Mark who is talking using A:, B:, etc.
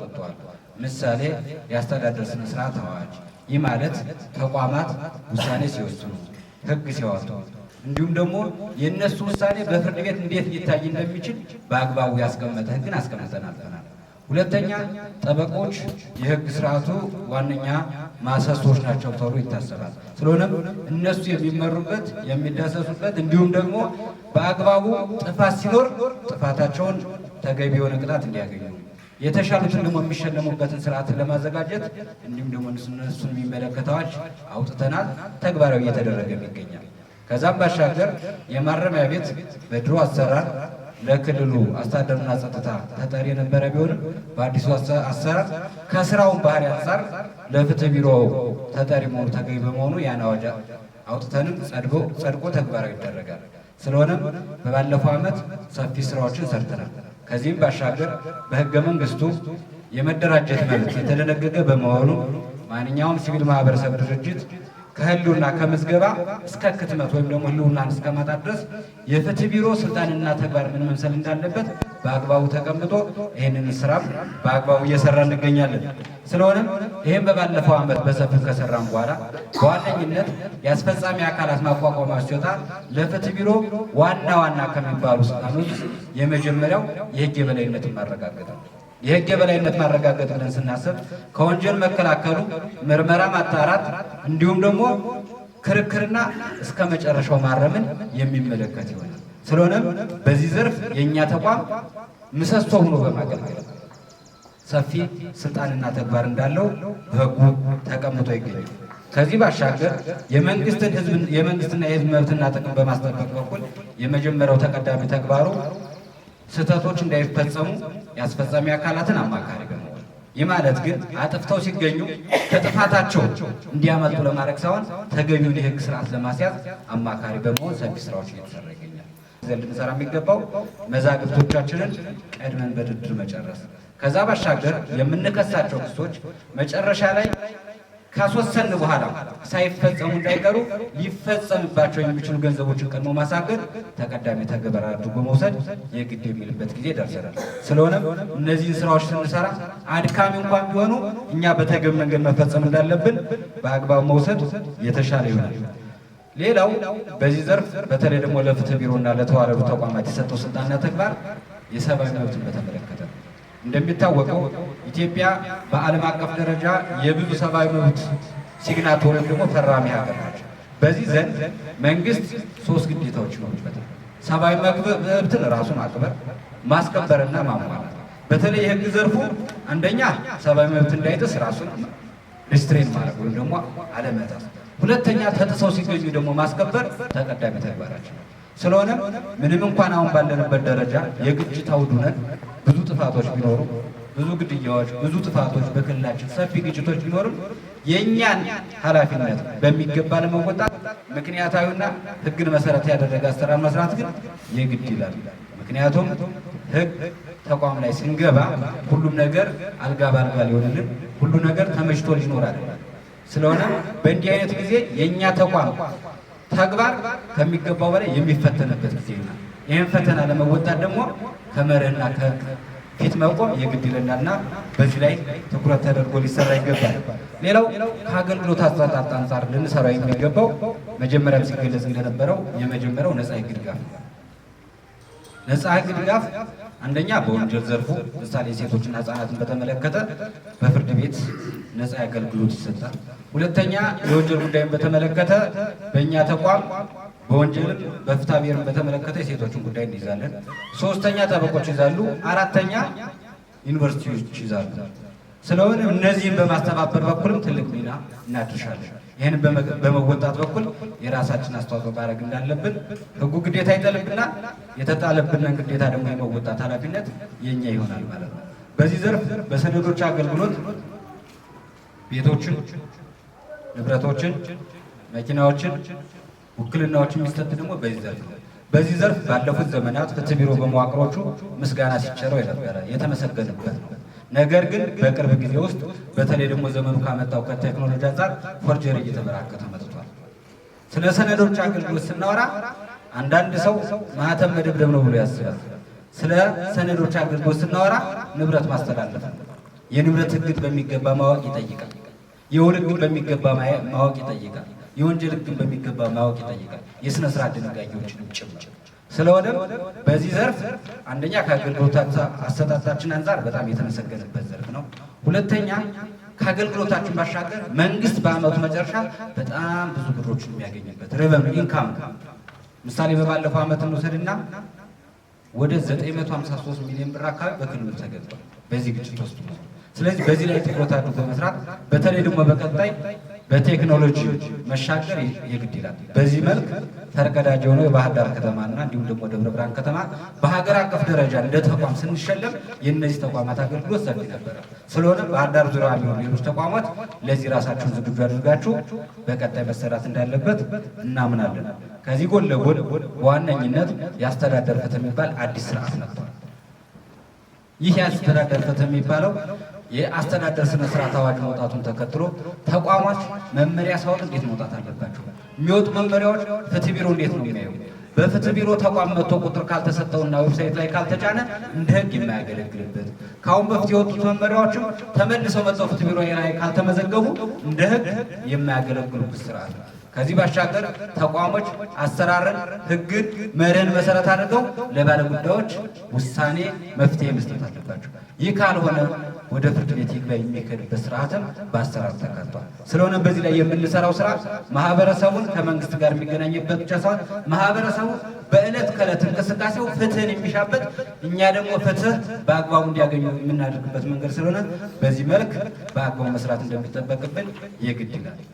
A: ተጠጥቷል። ምሳሌ የአስተዳደር ስነ ስርዓት አዋጅ። ይህ ማለት ተቋማት ውሳኔ ሲወስኑ፣ ህግ ሲያወጡ እንዲሁም ደግሞ የእነሱ ውሳኔ በፍርድ ቤት እንዴት ሊታይ እንደሚችል በአግባቡ ያስቀመጠ ህግን አስቀምጠናል። ሁለተኛ ጠበቆች የህግ ስርዓቱ ዋነኛ ማሰሶች ናቸው ተብሎ ይታሰባል። ስለሆነም እነሱ የሚመሩበት የሚዳሰሱበት፣ እንዲሁም ደግሞ በአግባቡ ጥፋት ሲኖር ጥፋታቸውን ተገቢ የሆነ ቅጣት እንዲያገኙ የተሻሉትን ደግሞ የሚሸለሙበትን ስርዓት ለማዘጋጀት እንዲሁም ደግሞ እነሱን የሚመለከተዋች አውጥተናል። ተግባራዊ እየተደረገ ይገኛል። ከዛም ባሻገር የማረሚያ ቤት በድሮ አሰራር ለክልሉ አስተዳደርና ጸጥታ ተጠሪ የነበረ ቢሆንም በአዲሱ አሰራር ከስራውን ባህሪ አንጻር ለፍትህ ቢሮ ተጠሪ መሆኑ ተገቢ በመሆኑ ያን አዋጅ አውጥተንም ጸድቆ ተግባራዊ ይደረጋል። ስለሆነም በባለፈው ዓመት ሰፊ ስራዎችን ሰርተናል። ከዚህም ባሻገር በህገ መንግስቱ የመደራጀት መብት የተደነገገ በመሆኑ ማንኛውም ሲቪል ማህበረሰብ ድርጅት ከህልውና ከምዝገባ እስከ ክትመት ወይም ደግሞ ህልውናን እስከ ማጣት ድረስ የፍትህ ቢሮ ስልጣንና ተግባር ምን መምሰል እንዳለበት በአግባቡ ተቀምጦ ይህንን ስራም በአግባቡ እየሰራ እንገኛለን። ስለሆነም ይህም በባለፈው ዓመት በሰፊው ከሰራም በኋላ በዋነኝነት የአስፈጻሚ አካላት ማቋቋም ሲወጣ ለፍትህ ቢሮ ዋና ዋና ከሚባሉ ስልጣኖች የመጀመሪያው የህግ የበላይነትን ማረጋገጥ ነው። የህግ የበላይነት ማረጋገጥ ብለን ስናስብ ከወንጀል መከላከሉ፣ ምርመራ ማጣራት፣ እንዲሁም ደግሞ ክርክርና እስከ መጨረሻው ማረምን የሚመለከት ይሆናል። ስለሆነም በዚህ ዘርፍ የእኛ ተቋም ምሰሶ ሆኖ በማገልገል ሰፊ ስልጣንና ተግባር እንዳለው በህጉ ተቀምጦ ይገኛል። ከዚህ ባሻገር የመንግስትን ህዝብ የመንግስትና የህዝብ መብትና ጥቅም በማስጠበቅ በኩል የመጀመሪያው ተቀዳሚ ተግባሩ ስህተቶች እንዳይፈጸሙ የአስፈጻሚ አካላትን አማካሪ በመሆን ይህ ማለት ግን አጥፍተው ሲገኙ ከጥፋታቸው እንዲያመልጡ ለማድረግ ሳይሆን ተገቢውን የህግ ስርዓት ለማስያዝ አማካሪ በመሆን ሰፊ ስራዎች እየተሰራ ይገኛል። ዘንድ ልንሰራ የሚገባው መዛግብቶቻችንን ቀድመን በድርድር መጨረስ፣ ከዛ ባሻገር የምንከሳቸው ክሶች መጨረሻ ላይ ካስወሰን በኋላ ሳይፈጸሙ እንዳይቀሩ ሊፈጸምባቸው የሚችሉ ገንዘቦችን ቀድሞ ማሳገር ተቀዳሚ ተግበር አድርጎ መውሰድ የግድ የሚልበት ጊዜ ደርሰናል። ስለሆነም እነዚህን ስራዎች ስንሰራ አድካሚ እንኳን ቢሆኑ እኛ በተገቢ መንገድ መፈጸም እንዳለብን በአግባብ መውሰድ የተሻለ ይሆናል። ሌላው በዚህ ዘርፍ በተለይ ደግሞ ለፍትህ ቢሮና ለተዋረዱ ተቋማት የሰጠው ስልጣንና ተግባር የሰብአዊ መብትን በተመለከተ እንደሚታወቀው ኢትዮጵያ በዓለም አቀፍ ደረጃ የብዙ ሰብአዊ መብት ሲግናቶሪ ደግሞ ፈራሚ ሀገር ናቸው። በዚህ ዘንድ መንግስት ሶስት ግዴታዎች ይኖሩበታል። ሰብአዊ መብትን ራሱን ማክበር፣ ማስከበርና ማሟላት። በተለይ የህግ ዘርፉ አንደኛ ሰብአዊ መብት እንዳይጥስ ራሱን ሪስትሬን ማድረግ ወይም ደግሞ አለመጣስ፣ ሁለተኛ ተጥሰው ሲገኙ ደግሞ ማስከበር ተቀዳሚ ተግባራችን። ስለሆነ ምንም እንኳን አሁን ባለንበት ደረጃ የግጭት አውዱ ብዙ ጥፋቶች ቢኖሩ ብዙ ግድያዎች፣ ብዙ ጥፋቶች በክልላችን ሰፊ ግጭቶች ቢኖርም የእኛን ኃላፊነት በሚገባ ለመወጣት ምክንያታዊና ሕግን መሰረት ያደረገ አሰራር መስራት ግን የግድ ይላል። ምክንያቱም ሕግ ተቋም ላይ ስንገባ ሁሉም ነገር አልጋ ባልጋ ሊሆንልን፣ ሁሉ ነገር ተመችቶ ሊኖራል። ስለሆነ በእንዲህ አይነት ጊዜ የእኛ ተቋም ተግባር ከሚገባው በላይ የሚፈተንበት ጊዜ ይሆናል። ይህን ፈተና ለመወጣት ደግሞ ከመርህና ከፊት መቆም የግድ ይለናልና በዚህ ላይ ትኩረት ተደርጎ ሊሰራ ይገባል። ሌላው ከአገልግሎት አሰጣጥ አንጻር ልንሰራው የሚገባው መጀመሪያም ሲገለጽ እንደነበረው የመጀመሪያው ነፃ የሕግ ድጋፍ ነፃ ሕግ ድጋፍ አንደኛ በወንጀል ዘርፉ ምሳሌ ሴቶችና ህጻናትን በተመለከተ በፍርድ ቤት ነፃ አገልግሎት ይሰጣል። ሁለተኛ የወንጀል ጉዳይን በተመለከተ በእኛ ተቋም በወንጀልም በፍትሐ ብሔርን በተመለከተ የሴቶችን ጉዳይ እንይዛለን። ሶስተኛ ጠበቆች ይዛሉ። አራተኛ ዩኒቨርሲቲዎች ይዛሉ። ስለሆነ እነዚህን በማስተባበር በኩልም ትልቅ ሚና እናድርሻለን። ይህንን በመወጣት በኩል የራሳችን አስተዋጽኦ ማድረግ እንዳለብን ህጉ ግዴታ ይጠልብናል። የተጣለብንን ግዴታ ደግሞ የመወጣት ኃላፊነት የኛ ይሆናል ማለት ነው። በዚህ ዘርፍ በሰነዶች አገልግሎት ቤቶችን፣ ንብረቶችን፣ መኪናዎችን ውክልናዎችን የሚሰጥ ደግሞ በዚህ ዘርፍ ነው። በዚህ ዘርፍ ባለፉት ዘመናት ፍትህ ቢሮ በመዋቅሮቹ ምስጋና ሲቸረው የነበረ የተመሰገነበት ነው። ነገር ግን በቅርብ ጊዜ ውስጥ በተለይ ደግሞ ዘመኑ ካመጣው ከቴክኖሎጂ አንጻር ፎርጀሪ እየተበራከተ መጥቷል። ስለ ሰነዶች አገልግሎት ስናወራ አንዳንድ ሰው ማህተም መደብደብ ነው ብሎ ያስባል። ስለ ሰነዶች አገልግሎት ስናወራ ንብረት ማስተላለፍ ነው። የንብረት ሕግን በሚገባ ማወቅ ይጠይቃል። የውል በሚገባ ማወቅ ይጠይቃል። የወንጀል ህግን በሚገባ ማወቅ ይጠይቃል፣ የስነ ስርዓት ድንጋጌዎችንም ጭምር። ስለሆነም በዚህ ዘርፍ አንደኛ ከአገልግሎት አሰጣጣችን አንጻር በጣም የተመሰገነበት ዘርፍ ነው። ሁለተኛ ከአገልግሎታችን ባሻገር መንግስት በአመቱ መጨረሻ በጣም ብዙ ብሮችን የሚያገኝበት ሬቨኑ ኢንካም ምሳሌ በባለፈው አመት እንውሰድና ወደ 953 ሚሊዮን ብር አካባቢ በክልሉ ተገብቷል በዚህ ግጭት ውስጥ ስለዚህ በዚህ ላይ ትኩረት አድርጎ መስራት፣ በተለይ ደግሞ በቀጣይ በቴክኖሎጂ መሻገር የግድ ይላል። በዚህ መልክ ፈርቀዳጅ የሆነው የባህር ዳር ከተማና እንዲሁም ደግሞ ደብረ ብርሃን ከተማ በሀገር አቀፍ ደረጃ እንደ ተቋም ስንሸለም የእነዚህ ተቋማት አገልግሎት ሰፊ ነበረ። ስለሆነ ባህር ዳር ዙሪያ የሚሆኑ ሌሎች ተቋማት ለዚህ ራሳችሁን ዝግጁ አድርጋችሁ በቀጣይ መሰራት እንዳለበት እናምናለን። ከዚህ ጎን ለጎን በዋነኝነት የአስተዳደር ፍትህ የሚባል አዲስ ስርዓት ነበር። ይህ የአስተዳደር ፍትህ የሚባለው የአስተዳደር ስነ ስርዓት አዋጅ መውጣቱን ተከትሎ ተቋማት መመሪያ ሳይወጥ እንዴት መውጣት አለባቸው? የሚወጡ መመሪያዎች ፍትህ ቢሮ እንዴት ነው የሚያየው? በፍትህ ቢሮ ተቋም መጥቶ ቁጥር ካልተሰጠውና ዌብሳይት ላይ ካልተጫነ እንደ ህግ የማያገለግልበት ከአሁን በፊት የወጡት መመሪያዎችም ተመልሰው መጥተው ፍትህ ቢሮ ላይ ካልተመዘገቡ እንደ ህግ የማያገለግሉበት ስርዓት ነው። ከዚህ ባሻገር ተቋሞች አሰራርን፣ ህግን መርህን መሰረት አድርገው ለባለጉዳዮች ውሳኔ መፍትሄ መስጠት አለባቸው። ይህ ካልሆነ ወደ ፍርድ ቤት ይግባ የሚካሄድበት ስርዓትም በአሰራር ተካቷል። ስለሆነ በዚህ ላይ የምንሰራው ስራ ማህበረሰቡን ከመንግስት ጋር የሚገናኝበት ብቻ ሳይሆን ማህበረሰቡ በእለት ከእለት እንቅስቃሴው ፍትህን የሚሻበት እኛ ደግሞ ፍትህ በአግባቡ እንዲያገኙ የምናደርግበት መንገድ ስለሆነ በዚህ መልክ በአግባቡ መስራት እንደሚጠበቅብን የግድ ይላል።